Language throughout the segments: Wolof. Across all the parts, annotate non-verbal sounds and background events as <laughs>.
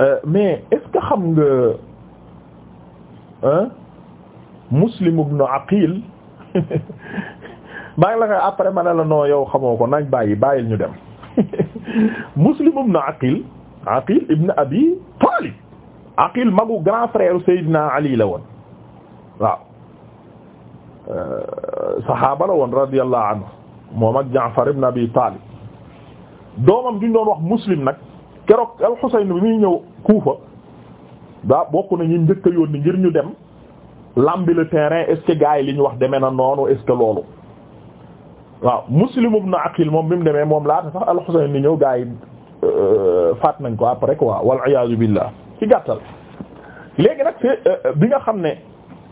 Euh, mais est-ce que xam nga Muslim ibn Aqil maa <laughs> ngi la koy après ma ne la non yow xamoo ko nañ bàyyi bàyyil ñu dem <laughs> Muslim ibn Aqil Aqil ibn Abi Talib Aqil magu grand frère Seydina Ali la woon waaw euh, saxaaba la woon radiyallahu anhu moom ak Jaafar ibn Abi Talib doomam duñ doon wax Muslim nag keroog al-Husayn bi muy ñëw Kufa daa bokk na ñu njëkk a yónni ngir ñu dem lambi le terrain est que gars yi li ñu wax demee na noonu est-ce que loolu waaw Muslim ibn Aqil moom bi mu demee moom laata sax al-Husayn ni ñëw gars yi euh, faat nañ ko après quoi wal iyaazu billah ci gàttal. léegi nag fi euh, bi nga xam ne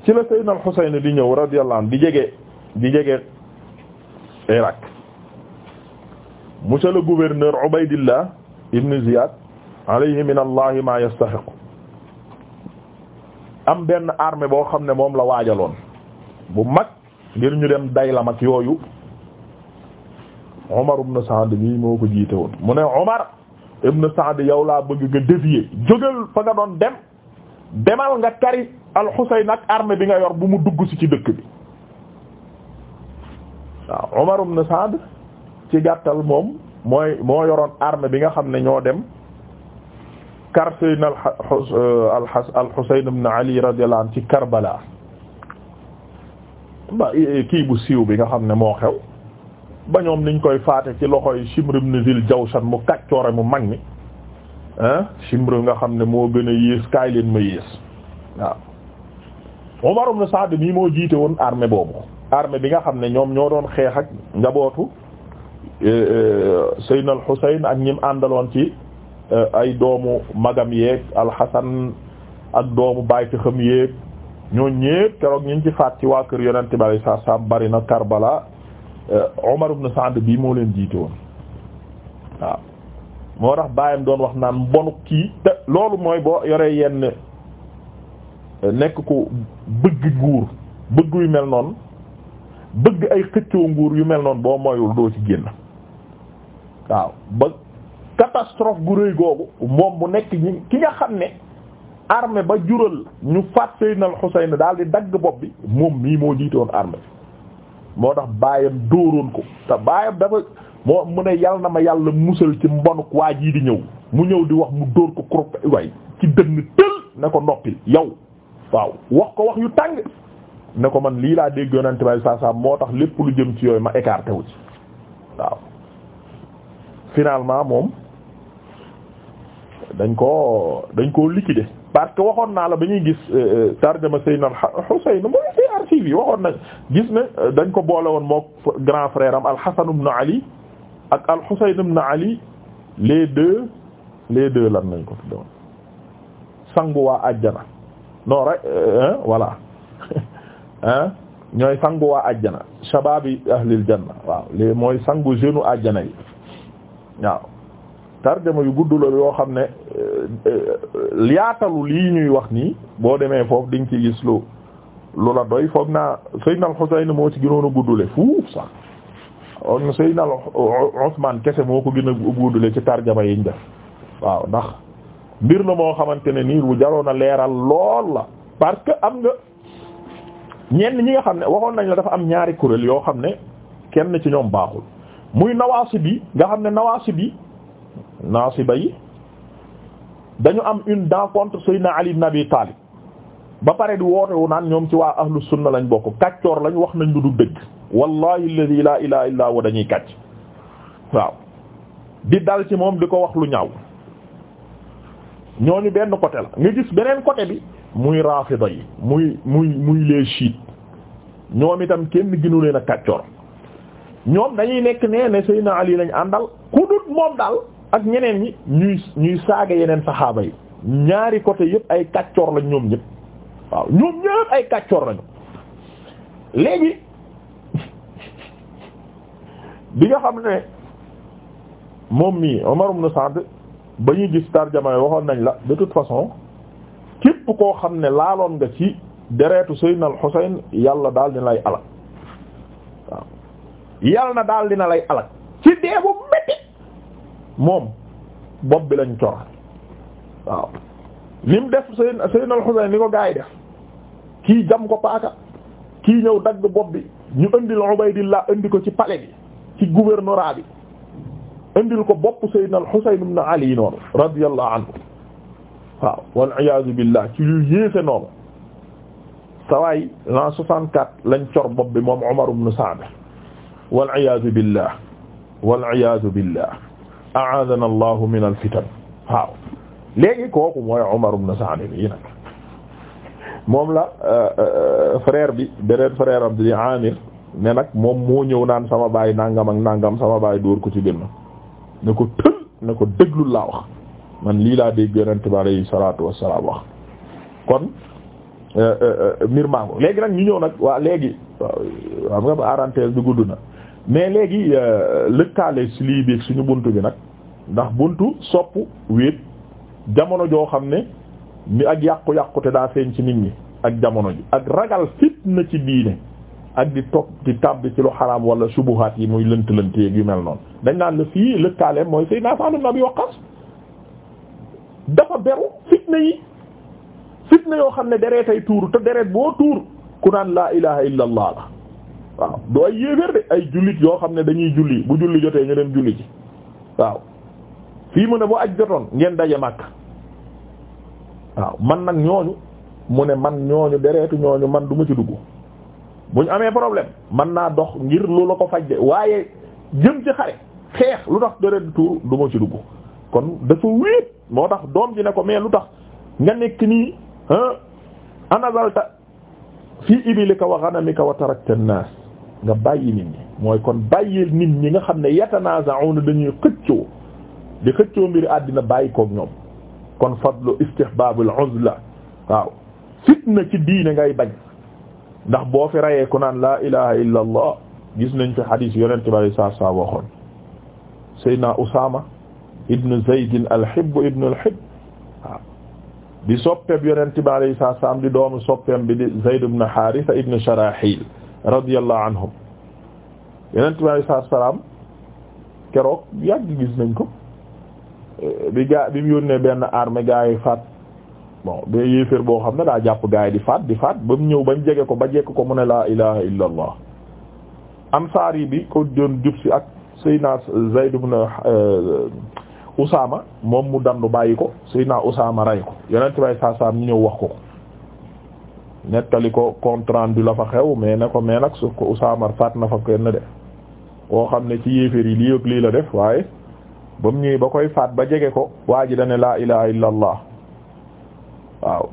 ci la Sayyidna al-Husayn di ñëw radiyallahu anhu di jege di jege Irak monsieur le gouverneur Ubaydillah ibn Ziyad alayhi min allahi ma yastahiqu am benn armée boo xam ne moom la waajaloon bu mag ngir ñu dem Daylam ak yooyu Omar ibn Saad bi moo ko jiite woon mu ne Omar ibn Saad yow laa bëgg nga dévier jógal fa nga doon dem demal nga kari al-Husayn ak armée bi nga yor bu mu dugg si ci dëkk bi waaw Omar ibn ci gàttal moom mooy moo yoroon armée bi nga xam ne ñoo dem kar Seydina al euh, Husayn ibn Ali radiyallahu anhu ci Karbala ba kii bu siiw bi nga xam ne moo xew ba ñoom niñ koy faate ci loxo yi Shimr ibn Zil Jawshan mu kàccoore mu mag mi ah Shimr nga xam ne moo gën a yées kaay leen ma yées waaw Umar ibn Sa'd mii moo jiite woon armée boobu armée bi nga xam ne ñoom ñoo doon xeex ak njabootu Eh, eh, Seydina al Xuseyn ak ñim àndaloon ci eh, ay doomu magam yeeg alxasan ak doomu baay ci xam yeeg ñoo ñépp keroog ñi ci faat ci waa kër yonente bi alayhi salaam bari na Karbala Umar ibn Sa'd bii moo leen jiite woon waaw moo tax baayam doon wax naan mbonu kii te loolu mooy boo yoree yenn nekk ku bëgg nguur bëgg yu mel noonu bëgg ay xëccoo nguur yu mel noonu boo moyul doo ci génn waaw ba catastrophe gu rëy googu moom mu nekk ñi ki nga xam ne arme ba jural ñu faat Seydina Al-Husayn daal di dagg bopp bi moom mii moo jiitoon armée moo tax baayam dóoroon ko te baayam dafa moo mu ne yal na ma yàlla musal ci mbonuk waa jii di ñëw mu ñëw di wax mu dóor ko kurop way ci dënn tël ne ko noppi yow waaw wax ko wax yu tàng ne ko man lii laa dégg yonent bay moo tax lépp lu jëm ci yooyu ma écarté wu ci waaw finalement moom dañ koo dañ koo liquider parce que waxoon naa la ba ñuy gis euh, euh, tarjama Seydina Husayn mooy ci archive yi waxoon nañ gis ne euh, dañ ko boole woon moo grand frère am al-Hasan ibn Ali ak al-Husayn ibn Ali les deux les deux lan nañ ko tuddoon sangu waa àjjana non rek voilà <laughs> ah ñooy sangu waa ajjana shababi ahlil janna waaw lii mooy sangu jeune u ajjana yi waaw tarjama yu gudd la yoo xam ne liyaatalu euh, lii ñuy wax nii boo demee foofu di nga ci gis lu la doy foog naa Seydina al-Husayn moo ci gënoon a guddule fuuf sax on Seydina Usmaan kese moo ko gën a guddule ci tarjama yiñ def waaw ndax mbir la moo xamante ne nii lu jaroon a leeral lool la parce que am nga ñenn ñi nga xam ne waxoon nañ la dafa am ñaari kuréel yoo xam ne kenn ci ñoom baaxul muy nawaasi bi nga xam ne nawaasi bi nawaasi ba yi dañu am une dent contre na Ali ibn Abi ba pare di woote wu naan ñoom ci waa ahlu sunna lañ bokk kàccoor lañ wax nañ lu du dëgg wallahi alladhi la ilaha illa huwa dañuy kàcc waaw di dal ci moom di ko wax lu ñaaw ñooñu benn côté la nga gis beneen côté bi muy rafida yi muy muy muy les chiites ñoom itam kenn ginu leen a kàccoor ñoom dañuy nekk nee ne Seydina Ali lañ àndal ku moom daal ak ñeneen ñi ñuy ñuy saaga yeneen saxaaba yi ñaari côté yëpp ay kàccoor lañ ñoom ñëpp waaw ñoom ñëpp ay kàccoor lañu léegi <laughs> bi nga xam ne moom mii Umar ibn Sa'd ba ñuy gis tarjama waxoon nañ la de toute façon képp koo xam ne laaloon nga ci deretu Seydina al-Husayn yàlla daal dina lay alak waaw yàlla na daal dina lay alak ci dee bu métti moom bopp bi lañ cor waaw ni mu def Seydina Seydina al-Husayn ni ko gaa def kii jam ko paaka kii ñëw dagg bopp bi ñu indil Ubaydillah indi ko ci palais bi ci gouvernorat bi indil ko bopp Seydina al-Husayn ibn Ali noonu radiyallahu anhu waaw wal iyaazu billah ci yu yéefe noonu sawaay l'an soixante-quatre lañ cor bopp bi moom Umar ibn Sa'd wal iyaazu billah wal iyaazu billah a'aadana allahu min alfitan waaw léegi kooku mooy Umar ibn Sa'd yi nag moom la euh, euh, frère bi beneen frère am di Amir nag moom moo ñëw naan sama baay nangam ak nangam sama baay dóor ko ci benn ne ko tël ne ko déglul laa man lii laa dégg yonent bi alayhi salaatu wassalaam wax kon euh, euh, euh, mbir mango léegi nag ñu ñëw nag waa léegi xam nga parenthèse bi gudd na mais léegi lëkkaale si lii biig suñu bunt bi nag ndax buntu sopp wéet jamono joo xam ne ni ak yàqu-yàqute daa feeñ ci nit ñi ak jamono ji ak ragal fitna ci diine ak di topp di tàbbi ci lu xaraam wala subuhaat yi muy lënt-lënt yeeg yu mel noonu dañ naan la fii lëkkaale mooy Seydina Sa'd ibn Abi Waqqas dafa beru fitna yi fitna yoo xam ne dereetay tuuru te dereet boo tuur ku naan laa ilaha illa allah la waaw doo ay yéeféer de ay jullit yoo xam ne dañuy julli bu julli jotee ñu dem julli ji waaw fii mu ne bu aj jotoon ngeen daje màkk waaw man nag ñooñu mu ne man ñooñu dereetu ñooñu man duma ci dugg bu amee problème man naa dox ngir lu la ko faj de waaye jëm ci xare xeex lu tax deret tuur du ci dugg kon dafa moo tax doom ji ne ko mais lu tax nga nekk nii anazalta fii ibilika wa ghanamika wa tarakta an-nas nga bàyyi nit mooy kon bàyyil nit ñi nga xam ne yatanaza'una dañuy xëccoo di xëccoo mbiri àddina bàyyi koog ñoom kon fadlu istihbabul uzla ndax boo fi rayee ku naan la ilaha illa gis nañ fi hadith yonent bi sallallahu waxoon Seydina Usaama ibnu zaydin alhibbu ibnu alhibb waaw di soppeeb yonent bi alayhi salaatu salaam di doomu soppeem bi di zayd ibnu haarisa ibnu sharaahil radiyallahu anhum yonent bi alayhi salaatu salaam keroog gis nañ ko eh, bi ga bi mu yónnee benn armée gaa yi faat bon ba boo xam ne daa jàpp gaa yi di faat di faat ba mu ñëw bañ jege ko ba jekk ko mu ne laa ilaha illa bi ko doon jub si ak sayyidina zayd ibnu eh, Usaama moom mu dandu bàyyi ko Seydina Usaama ray ko yonent bay saa saa ñu ñëw wax ko ko nettali ko compte rendu la fa xew mais ne ko mais nag su ko Usaama faat na fa kenn de koo xam ne ci yéeféer yi lii ak lii la def waaye ba mu ñëwee ba koy faat ba jege ko waa ji da ne laa ilaha illa allah waaw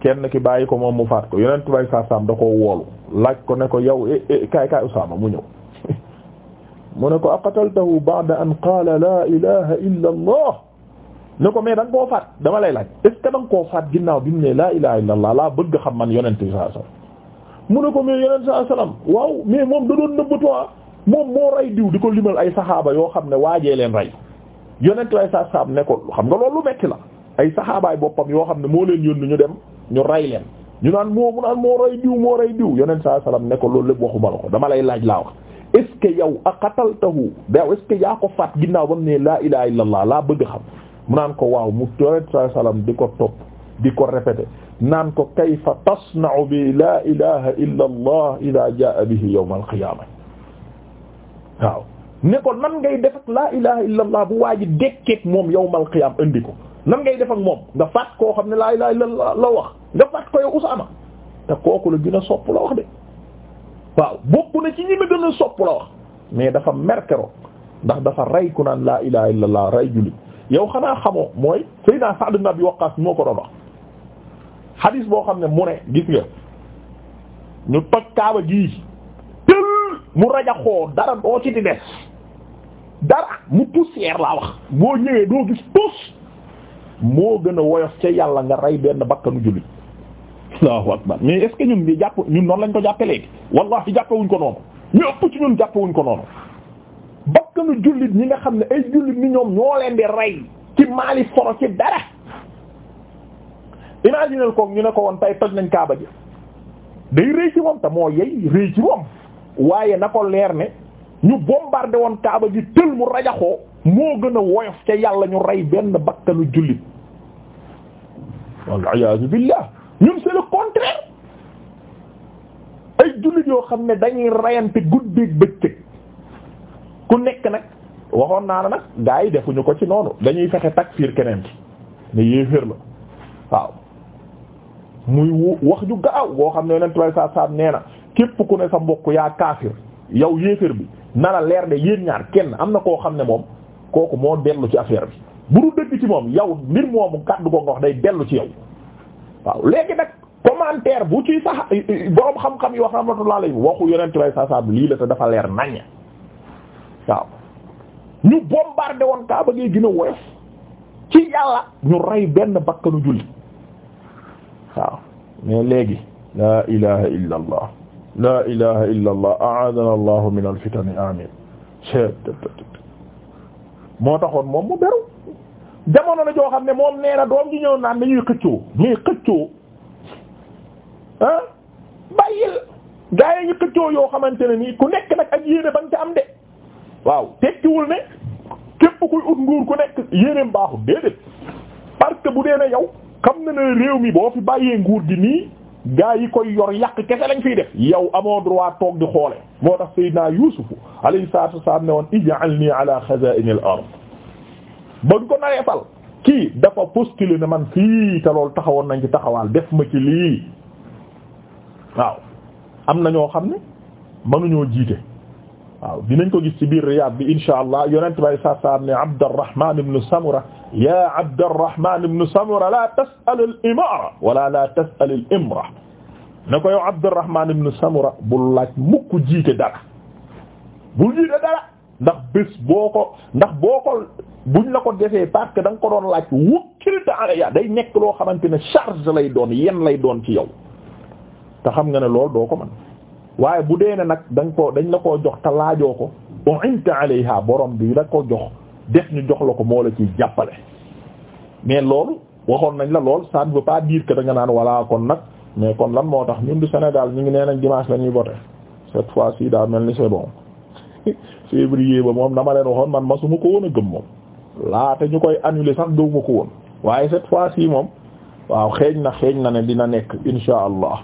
kenn ki bàyyi ko moom mu faat ko yonent bay saa saam da koo woolu laaj ko ne ko yow eh, eh kaay kaay Usaama mu ñëw mu ne ko aqataltahu ba'da an qaala la ilaha illa allah ne ko mais da nga koo faat dama lay laaj est ce que da nga faat ginnaaw bi mu ne laa ilaha illa allah laa bëgg xam man yonent bi sallallahu alayhi mu ne ko mais yonent sallallahu alayhi wasallam waaw mais moom da doon nëbbatu moom moo rey diw di ko limal ay saxaaba yoo xam ne waajee leen rey yonent lay sa saab ne ko nga loolu lu metti la ay saxaabaay boppam yoo xam ne moo leen yónni ñu dem ñu ray leen ñu naan moo mu naan moo rey diw moo rey diw yonent sallallahu alayhi wasallam ne ko loolu lépp waxuma la ko dama lay laaj laa wax est ce que yow a qataltahu daw est ce que yaa ko faat ginnaaw ba mu ne laa ilaha illallah laa bëgg xam mu naan ko waaw mu toret saa salaam di ko topp di ko répété naan ko kayfa tasna'u bi laa ilaha illa allah ida ngay def ak laa ilaha illa allah bu waa ji dekkeek moom yawm alqiyama indi ko nan ngay def moom nga faat koo xam ne laa ilaha illa la wax nga faat ko yow Usaama te la gën sopp la wax de waaw bokk na ci ñi ma gën a sopp la wax mais dafa merkero ndax dafa rey ku naan laa ilaha illallah rey julli yow xanaa xamoo mooy Seydina Sa'd ibn Abi Waqqas moo ko doon wax xadiis boo xam ne mu ne gis nga ñu toj kaaba gii tël mu rajaxoo dara doo ci di des dara mu poussière laa wax boo ñëwee doo gis tus moo gën a woyof ca yàlla nga rey benn bakkanu jullit allahu akbar mais est ñun di jàpp ñun noonu lañ ko jàppe léegi wallahi jàppewuñ ko noonu ñu ëpp ci ñun jàppewuñ ko noonu bakkanu jullit ñi nga xam ne ay jullit ni ñoom ñoo leen di rey ci maali foro ci dara imaginel ñu ne ko woon tay kaaba ji day rëy ci moom te moo yey rëy ci moom waaye na ko leer ne ñu bombardé woon kaaba ji tël mu rajaxoo moo gën a woyof ca yàlla ñu rey benn bakkanu jullit wal iyaazu billah ñun c'est le contraire ay jullit yoo xam ne dañuy rayante guddeeg bëccëg ku nekk nag waxoon naa la nag gaa yi defuñu ko ci noonu dañuy fexe takfiir keneen ki ne yéeféer la waaw muy wax ju gaaw boo xam ne yonent bay saa saam nee na képp ku ne sa mbokk yaa kaafir yow yéeféer bi nana leer de yéen ñaar kenn am na koo xam ne moom kooku moo dellu ci affaire bi bu du dëgg ci moom yow mbir moomu kàddu ko nga wax day dellu ci yow waaw léegi nag commentaire bu ci sax borom xam-xam yi wax rahmatullah alayhi waxu yonent bay saasaam lii la te dafa leer naññ waaw ñu bombardé woon Kaaba gi gën a woyof ci yàlla ñu rey benn bakkanu julli waaw mais léegi la ilaha illa la ilaha illa a'adana allah min alfitani amin moo taxoon moom mu beru jamono la joo xam ne moom nee na doom ji ñëw naan dañuy xëccoo muy xëccoo ah bàyyil gaa yi ngi xëccoo yoo xamante ne nii ku nekk nag ak yéene bañ nga ca am de waaw tekkiwul ne képp kuy ut nguur ku nekk yéeneem baaxul déedéet parce que bu dee ne yow xam na ne réew mi boo fi bàyyee nguur gi nii gaa yi koy yor yàq kese lañ fiy def yow amoo droit toog di xoole moo tax Seydina Yuusufu alayhi salaatu wa salaam ne woon ij'alnii ala xazaa'inil ard ba ñu ko fal kii dafa postuler na man fii te loolu taxawoon nañ ci taxawaal def ma ci lii waaw am na ñoo xam ne mënuñoo jiite waaw dinañ ko gis ci biir Riyad bi insha allah yonent bay saa saa ne Abdurrahman ibn Samura ya Abdurrahman Samura la tas'al al-imara Samura bul laaj mukk jiite dara bul jiite dara ndax bés boo ndax boo buñ la ko defee parce que da ko doon laaj wukkilta alayya day nekk loo xamante ne charge lay doon yen lay doon ci yow te xam nga ne loolu doo ko man waaye bu dee ne nag da ko dañ la ko jox talaajoo ko u'inta alayha borom bi la ko jox def ñu jox la ko moo la ci jàppale mais loolu waxoon nañ la lool ça ne veut pas dire que naan walla kon nag mais kon lan moo tax ñun du Sénégal ñu ngi nee nañ dimanche la ñuy voter cette fois-ci daa mel ni c'est bon <laughs> février ba moom dama leen waxoon man masuma ko woon a gëm moom laata ñu koy annuler sax dëw ko woon waaye cette fois-ci moom waaw xeeñ na xeeñ na ne dina nekk insha allah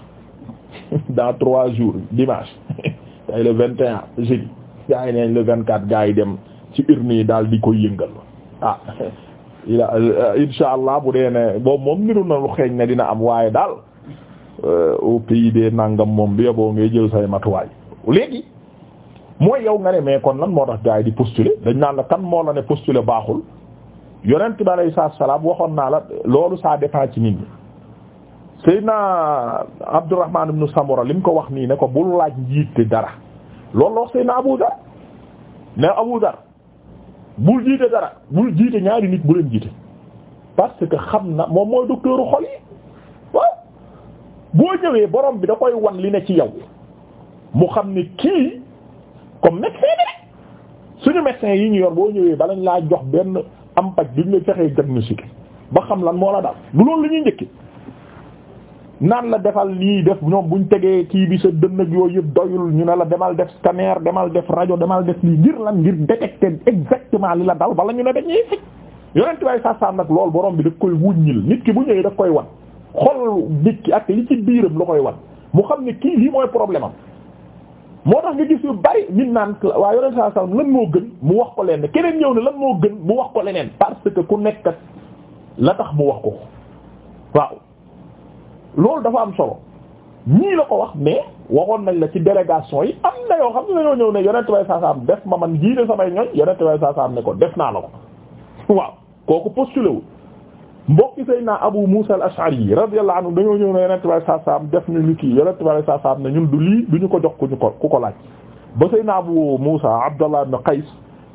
<laughs> dans trois jours dimanche <laughs> tey le vingt et un jeudi gaa yi neeñ le vingt quatre gaa yi dem ci urne yi daal di koy yëngal ah <laughs> euh, insha allah bu dee ne boobu moom niru na lu xeeñ ne dina am waaye daal euh, au pays des nangam moom bi yoboo ngay jël say matuwaay léegi mooy yow nga ne mais kon lan moo tax gars yi di postuler dañ naan la kan moo la ne postuler baaxul yonent bi alayhi salaam waxoon naa la loolu ça dépend ci nit ñi. Seydina Abdurrahman ibn Samura li mu ko wax nii ne ko bul laaj njiite dara loolu la wax Seydina Abu Dar ne Abu Dar bul jiite dara bul jiite ñaari nit bu leen jiite parce que xam na moom mooy docteuru xol yi boo ñëwee borom bi da koy wan li ne ci yow mu xam ni kii. comme médecin bi suñu médecin yi ñu yor boo ñëwee bala ñu laa jox benn am paj duñ la fexee diagnostic ba xam lan moo la daal loolu la ñuy njëkki naan la defal lii def ñoom buñ tegee kii bi sa dënn ak yooyu yëpp doyul ñu ne la demal def scanner demal def rajo demal def lii ngir lan ngir détecter exactement li la dal bala ñu ne dañuy faj yonent bay sasam nag loolu borom bi daf koy wuññil nit ki bu ñëwee daf koy wan xol nit ki ak li ci biiram la koy wan mu xam ne kii lii mooy problème am moo tax nga gis yu bari nit naan waa yoneen saa sallam lan moo gën mu wax ko leneen keneen ñëw ne lan moo gën mu wax ko leneen parce que ku nekk la tax mu wax ko waaw loolu dafa am solo ñii la ko wax mais waxoon nañ la ci délégation yi am na yoo xam ne dañoo ñëw ne yonent bay saa saam def ma man jiite samay ñoñ yonent bay saa saam ne ko def naa la ko waaw kooku postulé wul mbokki Seydina Abu Musa al-Ash'ari radiyallahu anhu dañoo ñëw ne Yonent bi saa saam def ñu ni kii Yonent bi saa saam na ñun du lii du ñu ko jox ku ñu ko ku ko laaj. ba Seydina Abu Musa Abdallah ibn Qays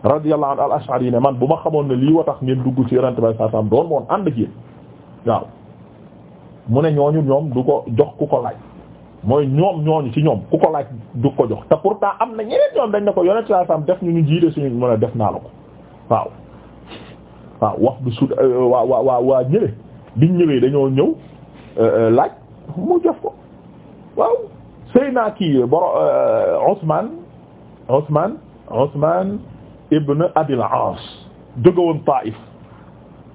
radiyallahu anhu al-Ash'ari ne man bu ma xamoon ne lii wa tax ngeen dugg ci Yonent bi saa saam doon moon ànd ak yéen waaw mu ne ñooñu ñoom du ko jox ku ko laaj. mooy ñoom ñooñu ci ñoom ku ko laaj du ko jox te pourtant am na ñeneen ñoom dañ ne ko Yonent bi saa saam def ñu ñu jiite suñu mën a def naa ko waaw. waaw wax bu sud euh, waa waa waa waa ñële biñ ñëwee dañoo ñëw euh, euh, laaj mu jof ko waaw sëy naa kii boro Ousmane Ousmane Ousmane ibn Abil As jógawoon Taif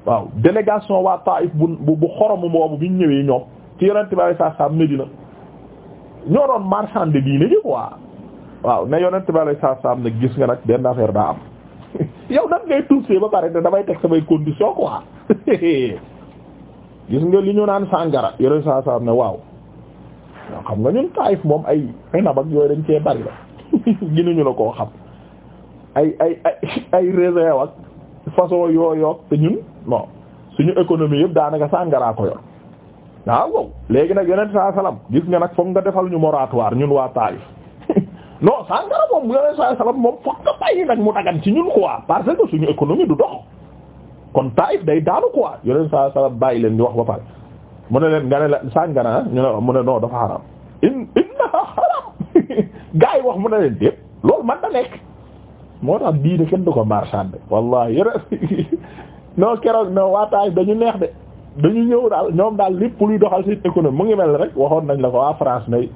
waaw délégation waa Taif bu bu xoromu boobu biñ ñëwee ñoom ci yonente bi alei sat salaam Medina ñoo doon marchand de diine gi waa waaw ne yonente bi alei sat salaam gis nga nag benn affaire daa am yow nag ngay tuusee ba pare da damay teg samay condition quoi <laughs> gis nga li ñu naan sàngara yore saa saa ne waaw waaw xam nga ñun taayif moom ay xinab ak yooyu dañ cee bari la ginuñu <laughs> la koo xam ay ay ay <laughs> ay raisin ak façon yooyoog te ñun bon ñu économie yëpp daanaka sàngaraa ko yor waaw wow léegi nag yeneen saa salaam gis nga nag foog nga defal ñu moratoire ñun waa taayif non sàngara moom bu yore saa moom foog nga bàyyi nag mu dagan ci ñun quoi parce que suñu économie du dox kon Taïf day daanu quoi yore saa salaam bàyyi leen di wax ba pare mu ne leen nga ne la sàngara ah, ñu ne mu ne non dafa xaram in inna xaram <laughs> gaa yi wax mu ne leen déet loolu man da nekk moo tax diine kenn du ko marchande wallahi yore <laughs> non keroog non waa Taïf dañu neex de dañu ñëw daal ñoom daal lépp luy doxal seen économie mu ngi mel rek waxoon nañ la ko waa France nay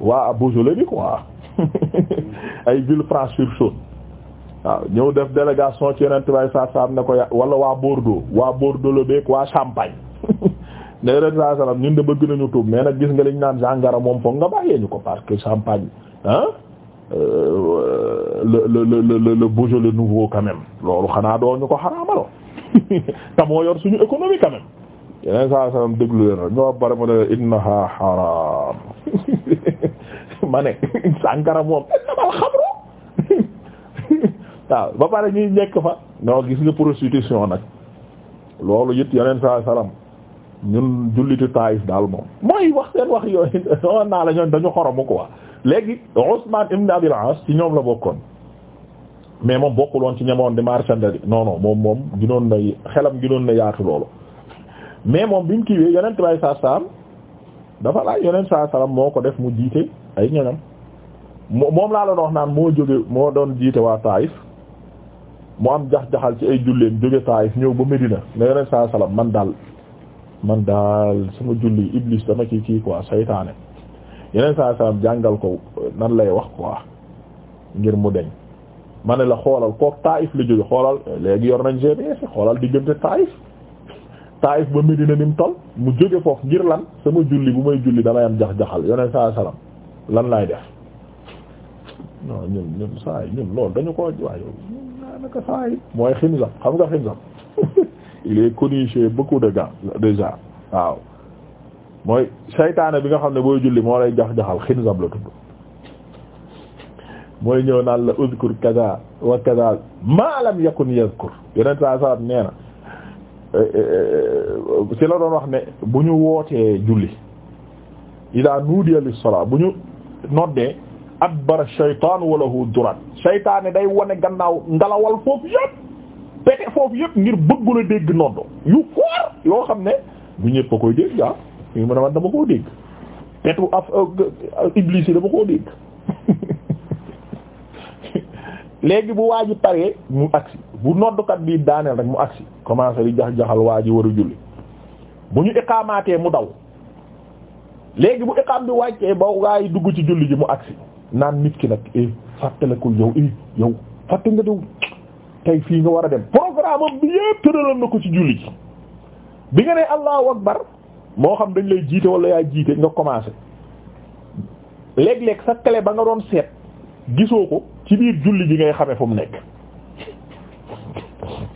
waa <laughs> ay ville Franche-sur-Saône waaw ñëw def délégation ci yeneen tubaab saa saa ne ko wala waa Bordeaux waa Bordeaux la beeg waa Champagne <laughs> ne yeneen saa salaam ñun de bëgg nañu tuub mais nag gis nga liñ naan sangara moom foog nga bàyyee ñu ko parce que Champagne ah le le le le le Beaujolais nouveau quand loolu xanaa doo ñu ko xaraamalo <laughs> te moo yor suñu économie quand yeneen saa déglu leen rek ñoo bare mu ne innaha haram ma ne sànkara moom waaw ba pare ñuy nekk fa non gis nga prostitution nag loolu yit yeneen saa salaam ñun jullitu Taayif daal moom mooy wax seen wax yooyu on <laughs> naa la ñoon dañu xoromu quoi léegi Usman ibn Abil As ci ñoom la bokkoon mais moom bokkul woon ci ñamoon di marchandise non non moom moom ginoon na xelam ginoon na yaatu loolu mais moom bi mu kiiwee yonent bay saa saam dafa laaj yonent saa salaam moo ko def mu jiite ay moo moom laa doon wax naan moo jóge moo doon jiite waa Taif mu am jax-jaxal ci ay julleen jóge Taif ñëw ba Medina ne yoneen saa salaam man daal man daal suma julli Iblis dama ci kii quoi saytaane yeneen saa salaam ko nan lay wax quoi mu deñ ma ne la xoolal kook Taif la jóge xoolal léegi yor nañ GPS xoolal diggante Taif Taif ba Medina ni mu toll mu jóge foofu ngir lan sama julli bu may julli damay am jax-jaxal yoneen saa salaam lan laay def non ñun ñun saa yi ñun loolu dañu ko waaye daanaka saa yi mooy xinzab xam nga xinzab <laughs> il est connu chez beaucoup déjà waaw mooy saytaane bi nga xam ne booy julli moo lay jax-jaxal xinzab la tudd mooy ñëw naan la uzkur kaza wa kaza ma yakun yazkur yeneen saa saa nee na eh, eh, eh, la doon wax ne bu ñu wootee julli ila nudiya lis sala bu ñu noddee adbara shaytaan wa lahu duraat shaytaane day wane gannaaw ngalawal foofu yëpp pete foofu yëpp ngir bëggu la dégg noddo yu koor yoo xam ne bu ñëpp a koy dégg ah yu dama koo dégg petu af euh, euh, iblis yi dama koo dégg <laughs> léegi bu waa ji paree mu agsi bu noddukat bi daaneel rek mu agsi commencé di jax-jaxal waa ji war a julli bu ñu iqaamaatee mu daw léegi bu iqaam bi wàccee ba gaa dugg ci julli ji mu agsi naan nit ki nag eh fàttalikul yow eh yow fàtte nga diw tey fii nga war a dem programme am bi yépp tëraloon na ko ci julli ji bi nga ne allahu akbar moo xam dañ lay jiite wala yaa jiite nga commencé léeg-léeg sa ba nga doon seet gisoo ko ci biir julli ji ngay xamee fu mu nekk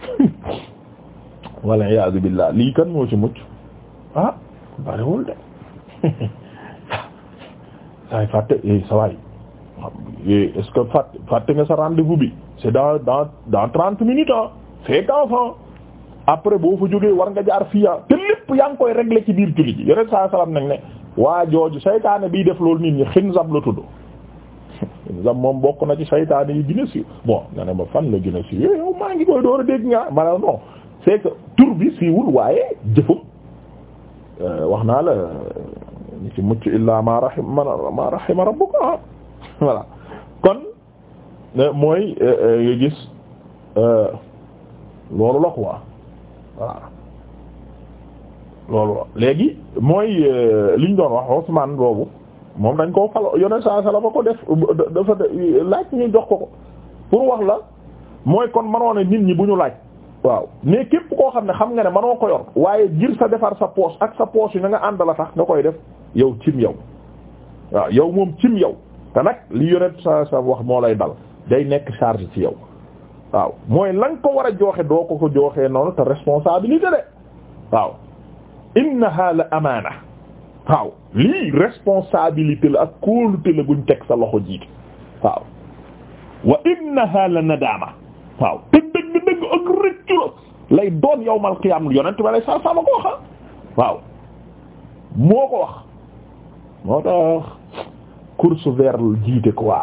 <laughs> walla iyaazu billaah lii kan moo ci mucc ah bariwul de <laughs> saay fàtte eh, sa waay eh, est-ce que fàtte fàtte nga sa rendez-vous bi c'est dans dans dans trente minutes ah c'est enfant après boo fa jógee war nga jaar fi ah te lépp yaa ngi koy régler ci biir julli ji yoneen saa salaam nag ne waa jooju saytaane biy def loolu nit ñi xinzab la tudd <laughs> xinzab moom bokk na ci saytaane yi gën a siiw bon nga ne ma fan la gën a siiw eh, yow maa ngi koy door a dégg nga ma ne non c'est tur bi siiwul waaye jëfum euh, wax naa la ñu ci mucc illaa ma rahim ma rahima rabbuka voilà kon mooy eh, eh, nga gis eh, loolu la quoi voilà loolu la léegi mooy liñ doon wax Ousmane boobu moom dañ koo fal yoneen saa sala ba ko def dafa laaj ñu jox ko ko pour wax la mooy kon manoon ne nit ñi bu ñu laaj waaw mais képp koo xam ne xam nga ne manoo ko yor waaye ngir sa defar sa poche ak sa poos yi na nga ànd la tax nga koy def yow cim yow waaw yow moom cim yow te nag li yonent sa sa wax moo lay dal day nekk charge ci yow waaw mooy la ko war a jooxe doo ko ko jooxee noonu te responsabilité de waaw innaha la amaana waaw lii responsabilité la ak kóolute la buñ teg sa loxo jiitu waaw wa innaha la nadaama waaw te la lay doon yawmal qiyaam yonent ba lay sa waaw moo ko wax moo tax course vers jiite quoi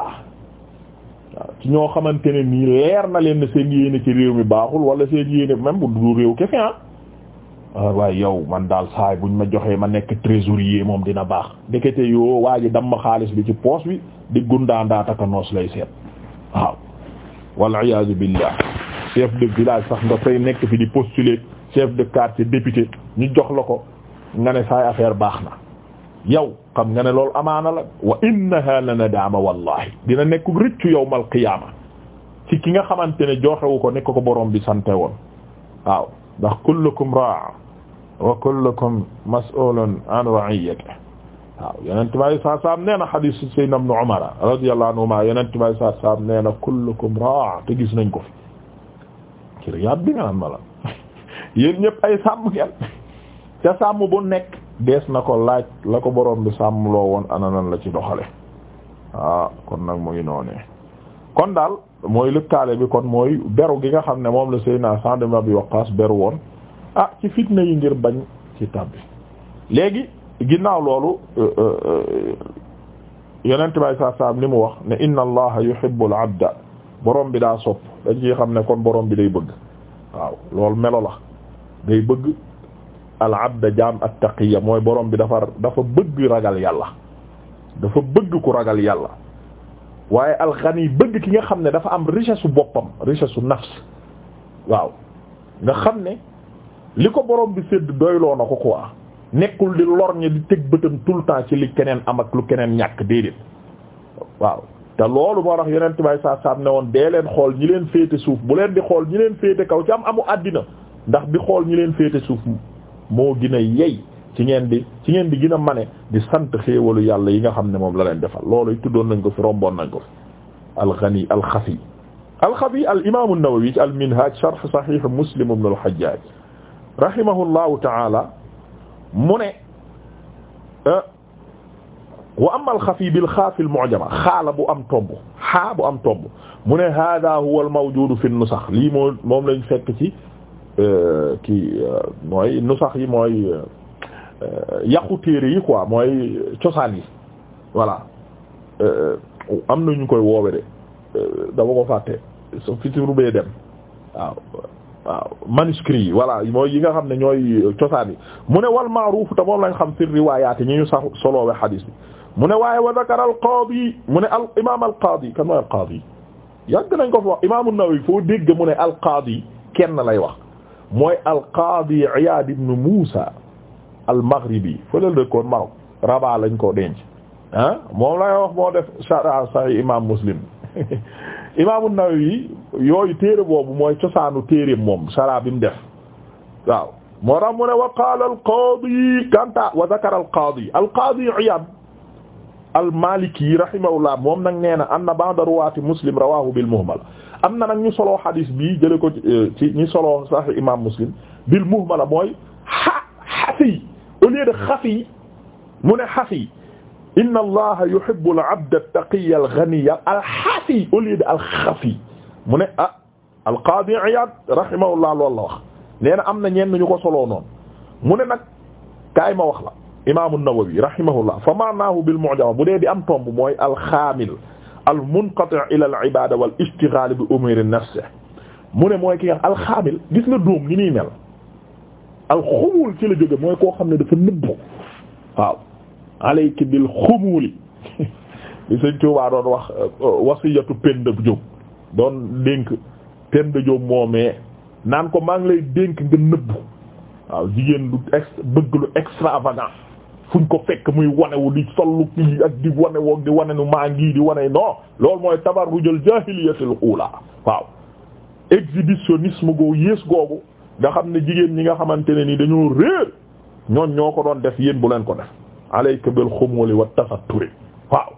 waaw ci ñoo xamante ne nii leer na leen ne seen yéene ci réew mi baaxul wala seen yéene même bu du réew kese ah. ah waaye yow man daal saay buñ ma joxee ma nekk trésorier moom dina baax ndekete yoo waa ji ma xaalis bi ci poos bi di gundaandaa takanoos lay seet waaw wal iyaazu billah chef de village sax nga fay nekk fi di postuler chef de quartier député ñu jox la ko nga ne saay affaire baax na yow xam nga ne loolu amaana la wa innaha la nadaama wallahi dina nekk rëccu yawmal qiyaama ci ki nga xamante ne joxewu ko nekk ko borom bi sante woon waaw ndax kullukum raa wa kullukum mas'ulun an ra'iyyatihi waaw yonent bi saa saam nee na hadiis Sayyidina Ibn Umar radiyallahu anhuma yonent bi saa saam nee na kullukum raa te gis nañ ko fi ci Riyaad bi nga naan ma la <laughs> yéen ñëpp ay sàmm ngeen te <laughs> sàmm dees na ko laaj la ko boroom bi sàmmloo woon ananan la ci doxale waaw ah, kon nag mu ngi noonee kon daal mooy lëkkaale bi kon mooy beru gi nga xam ne moom la Seydina Sa'd ibn Abi Waqqas beru woon ah ci fitna yi ngir bañ ci tàbbi léegi ginnaaw loolu yeneen bay saa saam li mu wax ne inna allaha yuhibbul abda borom bi daa sopp dañ ci xam ne kon boroom bi day bëgg waaw loolu melo la day bëgg al abda jaam at taqiya mooy borom bi dafa dafa bëgg ragal yàlla dafa bëgg ku ragal yàlla waaye al ghani bëgg ki nga xam ne dafa am richesse su boppam richesse su nafs waaw nga xam ne li ko borom bi sédd doyloo na ko ko quoi nekkul di lorñe di teg bëtam tout le temps ci li keneen am ak lu keneen ñàkk déedéet waaw te loolu moo tax yeneen tubaab saa saa ne woon dee leen xool ñi leen féete suuf bu leen di xool ñi leen féete kaw ci am amu àddina ndax di xool ñi leen suuf moo gina a yey ci ngeen di ci ngeen di gën a mane di sant xéewalu yàlla yi nga xam ne moom la leen defal loolu tuddoon nañ ko fi romboon nañ ko fi alxani alxafi alxafi al imam an-Nawawi ci al minhaj sharh sahih Muslim ibn al-Hajjaj rahimahullahu ta'ala mu ne euh, wa amma alxafi bilxaafi almu'jama xaala bu am tomb xaa bu am tomb mu ne hada huwa al-mawjud fi an-nusakh lii moo moom lañ fekk ci Euh, kii euh, mooy nusax yi mooy euh, yàqu téere yi quoi mooy cosaan yi voilà am na ñu koy woowe de dama ko fàtte su fi turubee dem waaw waaw manuscrits yi voilà mooy yi nga xam ne ñooy cosaan yi mu ne wal ma'ruf te moom lañ xam fi riwaayaat yi ñu ñu sax soloowe mu ne waaye wa dakara al qaadi mu ne al imaam al qaadi kan mooy al qaadi yàgg nañ ko fa wax imaam an-Nawawi foo dégg mu ne al qaadi kenn lay wax mooy alqaadi Iyaad ibn Muusa al-Maghribi fële la dëkkoon Maroc Rabat lañ ko denc ah moom la wax moo def sharh Sahih imaam Muslim <laughs> imaam An-Nawawi yooyu téere boobu mooy cosaanu téere moom sharh bi mu def waaw moo tax mu ne wa qaala al-qaadi kanta wa zakara al-qaadi al-qaadi Iyaad al-Maliki rahimahullah moom nag nee na anna ba'da ruwaati Muslim rawaahu bil-muhmal am na nag ñu soloo xadiis bii jële ko ci euh, ñi soloo Sahih imam Muslim bil muhmala mooy xa xafi au lieu de xafi mu ne xafi inna allaha yuhibbu al-abda at-taqiyya al-ghaniyya al-xafi au lieu de al-xafi mu ne ah al-Qaadi Iyaad rahimahullah loolu la wax nee am na ñenn ñu ko soloo noonu mu ne nag kaay ma wax la imaamu Nawawi rahimahullah fa maanaahu bil mu'jam bu dee bi am tomb mooy al alxaamil al munqati ila al ibada wal ishtighal bi umuri nafsi mu ne mooy ki nga alxaamil gis nga dóom ni muy mel alxumul ci la jóge mooy koo xam ne dafa nëbbu waaw alayki bil xumuli li sëñ Tuubaa doon wax wasiyatu Penda Jóob doon dénk Penda Jóob moomee naan ko maa ngi lay dénk nga nëbbu waaw jigéen bëgg lu extravagant fuñ ko fekk muy wanewu di sollu kii ak di wanewu ak di wane nu maa ngii di wane non loolu mooy tabar tabarrujul jaahiliyatul uula waaw exhibitionnisme goo yées googu nga xam ne jigéen ñi nga xamante ne ni dañoo réer ñoon ñoo ko doon def yéen bu leen ko def alayka bil xumuli wa tasatturi waaw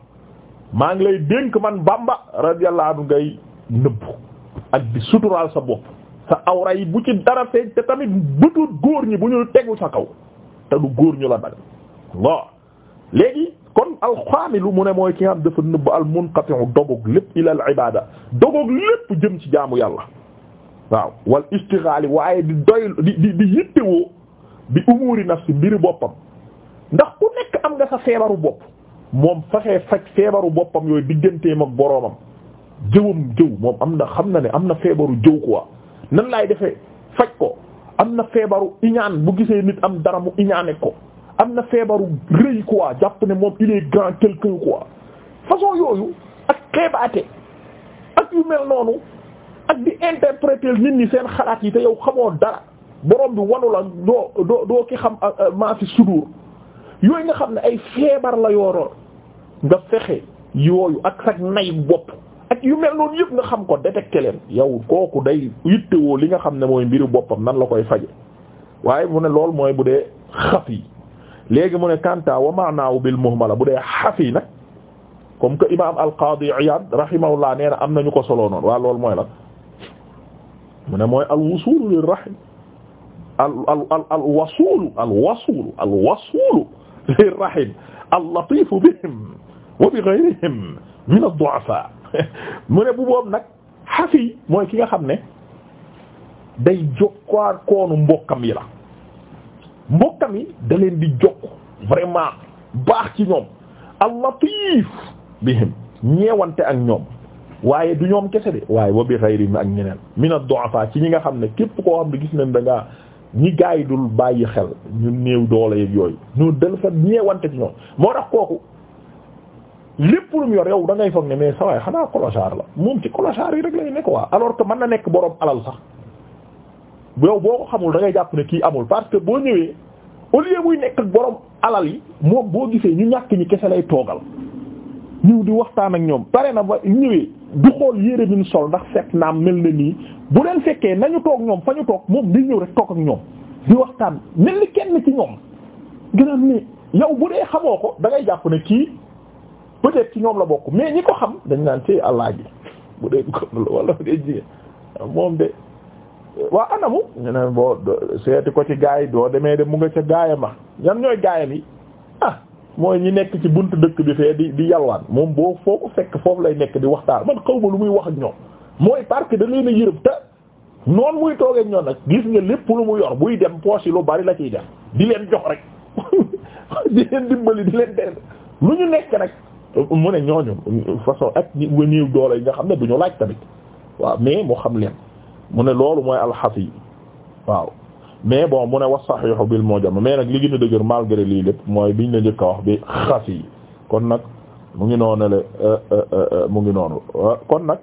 maa ngi lay dénk man bàmba radiyallahu anhu ngay nëbb ak di suturaal sa bopp sa awra yi bu ci dara feeñ te tamit bëtu góor ñi bu ñu tegu sa kaw te du góor ñu la dagal bon léegi kon alxaamilu mu ne mooy ki nga xam dafa nëbb al munqati'u dogoog lépp ila al ibaada dogoog lépp jëm ci jaamu yàlla waaw wal istighali waaye di doy di di di bi umuri nafsi mbiri boppam ndax ku nekk am nga feebaru bopp moom faxee faj feebaru boppam yooyu digganteem ak boromam jëwam jëw moom am na xam na ne am na feebaru jëw quoi nan laay defee faj ko am na feebaru iñaan bu gisee nit am dara mu iñaane ko am na feebaru rëy quoi jàpp ne moom il est grand quelqu'un quoi façon yooyu ak xeebaate ak yu mel noonu ak di interpréter nit ñi seen xalaat yi te yow xamoo dara borom bi wanu la doo doo doo ki xam euh, euh, maa fi sudur yooyu nga xam ne ay feebar la yooroon nga fexe yooyu ak sag nay bopp ak yu mel noonu yëpp nga xam ko détecté leen yow kooku day yittewoo li nga xam ne mooy mbiru boppam nan la koy faje waaye mu ne lool mooy bu dee xaf yi léegi mu kanta wa maanaahu bil muhmala bu dee xafi nag comme que imam al qadi iyad rahimahullah nee na am nañu ko solo noonu waa loolu mooy la mu ne mooy al wusuulu lil rahim al al lil rahim al bihim wa bi min ad du'afa mu bu boobu nag xafi mooy ki nga xam ne day jokkaar koonu mbokkam yi mbokkam yi da leen di jokk vraiment baax ci ñoom al-latif bihim ñeewante ak ñoom waaye du ñoom kese de waaye wa bi ghayri mi ak ñeneen min ad-du'afa ci ñi nga xam ne képp koo xam ne gis nañ da ngaa ñi gaay dul bàyyi xel ñu néew doole yeeg yooyu ñu del fa ñeewante ci ñoom moo tax kooku lépp lu mu yor yow da ngay foog ne mais sa waay xanaa clochard la moom ci clochard yi rek lay nekk waa alors que mën na nekk boroom alal sax yow boo ko xamul dangay jàpp ne kii amul parce que boo ñëwee au lieu muy nekk ak borom alal yi moom boo gisee ñu ñàkk ñi kese lay toogal ñëw di waxtaan ak ñoom pare na ba ñëwee du xool yére bi ñu sol ndax seet naam mel na nii bu leen fekkee nañu toog ñoom fa ñu toog moom di ñëw rek toog ak ñoom di waxtaan mel ni kenn ci ñoom gënal ni yow bu dee xamoo ko da ngay jàpp ne kii peut-être ci ñoom la bokk mais ñi ko xam dañ naan ci Allah ji bu dee ko wala de waa anamu ñu ne boo seeti ko ci gaay doo demee de mu nga ca gaayam ma ñan ñooy gaayam yi ah mooy ñi nekk ci buntu dëkk bi fee di di yalwaan moom boo foo ko fekk foofu lay nekk di waxtaan man xaw ma lu muy wax ak ñoom mooy parce que da leen a yërëm te noonu muy toogee ñoom nag gis nga lépp lu mu yor buy dem poche yi lu bari la ciy def di leen jox rek <laughs> di leen dimbali di leen def lu ñu nekk nag mu ne ñooñu façon ak ñi néew doole yi nga xam ne du ñu laaj tamit waaw mais xam leen. mu ne loolu mooy yi waaw mais bon mu ne wax saxiixu moo mujam mais nag li gën a dëgër malgré lii lépp mooy biñ la njëkk a wax bi xafi kon nag mu ngi noonu le euh, euh, euh, mu ngi noonu kon nag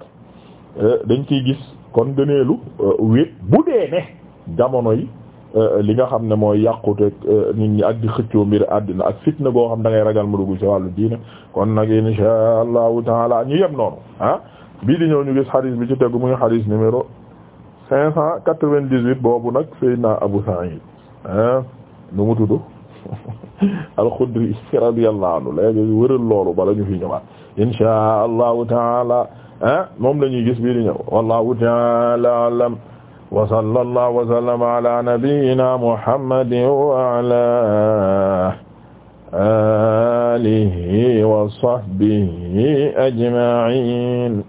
dañ ciy gis kon gëneelu wéet bu dee ne jamono yi li nga xam ne mooy yàqute nit ñi ak di xëccoo mbir àddina ak fitna goo xam da ngay ragal mu dugg ci wàllu diine kon nag insha allahu taala ñu yem noonu ah bii di ñëw ñu gis xadis bi ci tegu muy xadis numéro cinq cent quatre-vingt-dix-huit boobu nag Seydina Abu Sa'id ah nu mu tudd <laughs> al-Khudri radiyallahu anhu léegi wëral loolu bala ñu fi ñëwaat insha allahu taala ah moom la ñuy gis bii di ñëw wallahu taala alam wa sallallahu wa sallama ala nabiyyina muhammadin wa ala alihi wa sahbihi ajma'in